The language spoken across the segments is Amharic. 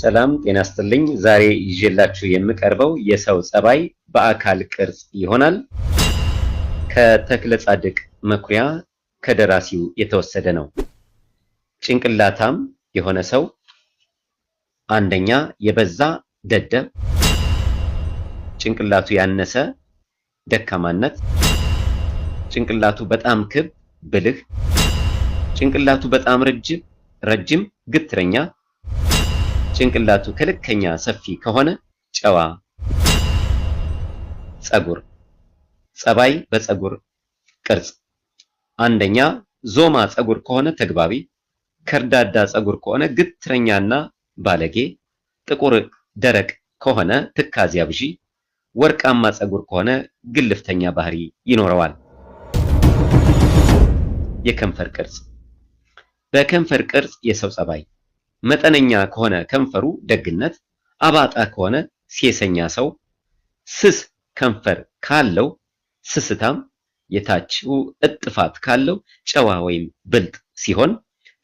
ሰላም ጤና ይስጥልኝ። ዛሬ ይዤላችሁ የምቀርበው የሰው ጸባይ በአካል ቅርጽ ይሆናል። ከተክለ ጻድቅ መኩሪያ ከደራሲው የተወሰደ ነው። ጭንቅላታም የሆነ ሰው አንደኛ የበዛ ደደብ፣ ጭንቅላቱ ያነሰ ደካማነት፣ ጭንቅላቱ በጣም ክብ ብልህ፣ ጭንቅላቱ በጣም ረጅም ረጅም ግትረኛ ጭንቅላቱ ከልከኛ ሰፊ ከሆነ ጨዋ። ጸጉር ጸባይ በጸጉር ቅርጽ አንደኛ ዞማ ጸጉር ከሆነ ተግባቢ፣ ከርዳዳ ጸጉር ከሆነ ግትረኛና ባለጌ፣ ጥቁር ደረቅ ከሆነ ትካዜ አብዢ፣ ወርቃማ ጸጉር ከሆነ ግልፍተኛ ባህሪ ይኖረዋል። የከንፈር ቅርጽ በከንፈር ቅርጽ የሰው ጸባይ መጠነኛ ከሆነ ከንፈሩ ደግነት፣ አባጣ ከሆነ ሴሰኛ ሰው፣ ስስ ከንፈር ካለው ስስታም፣ የታችው እጥፋት ካለው ጨዋ ወይም ብልጥ ሲሆን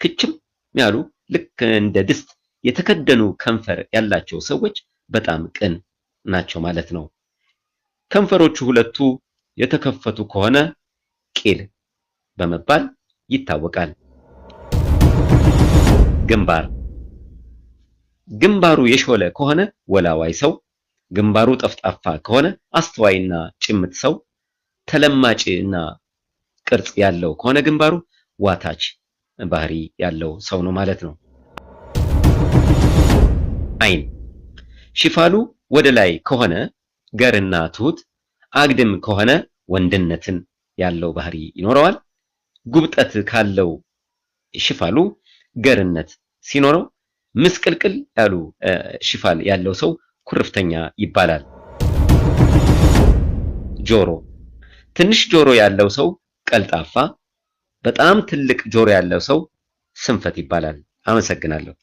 ክችም ያሉ ልክ እንደ ድስት የተከደኑ ከንፈር ያላቸው ሰዎች በጣም ቅን ናቸው ማለት ነው። ከንፈሮቹ ሁለቱ የተከፈቱ ከሆነ ቂል በመባል ይታወቃል። ግንባር ግንባሩ የሾለ ከሆነ ወላዋይ ሰው፣ ግንባሩ ጠፍጣፋ ከሆነ አስተዋይና ጭምት ሰው፣ ተለማጭ እና ቅርጽ ያለው ከሆነ ግንባሩ ዋታች ባህሪ ያለው ሰው ነው ማለት ነው። አይን ሽፋሉ ወደ ላይ ከሆነ ገርና ትሁት፣ አግድም ከሆነ ወንድነትን ያለው ባህሪ ይኖረዋል። ጉብጠት ካለው ሽፋሉ ገርነት ሲኖረው ምስቅልቅል ያሉ ሽፋን ያለው ሰው ኩርፍተኛ ይባላል። ጆሮ ትንሽ ጆሮ ያለው ሰው ቀልጣፋ፣ በጣም ትልቅ ጆሮ ያለው ሰው ስንፈት ይባላል። አመሰግናለሁ።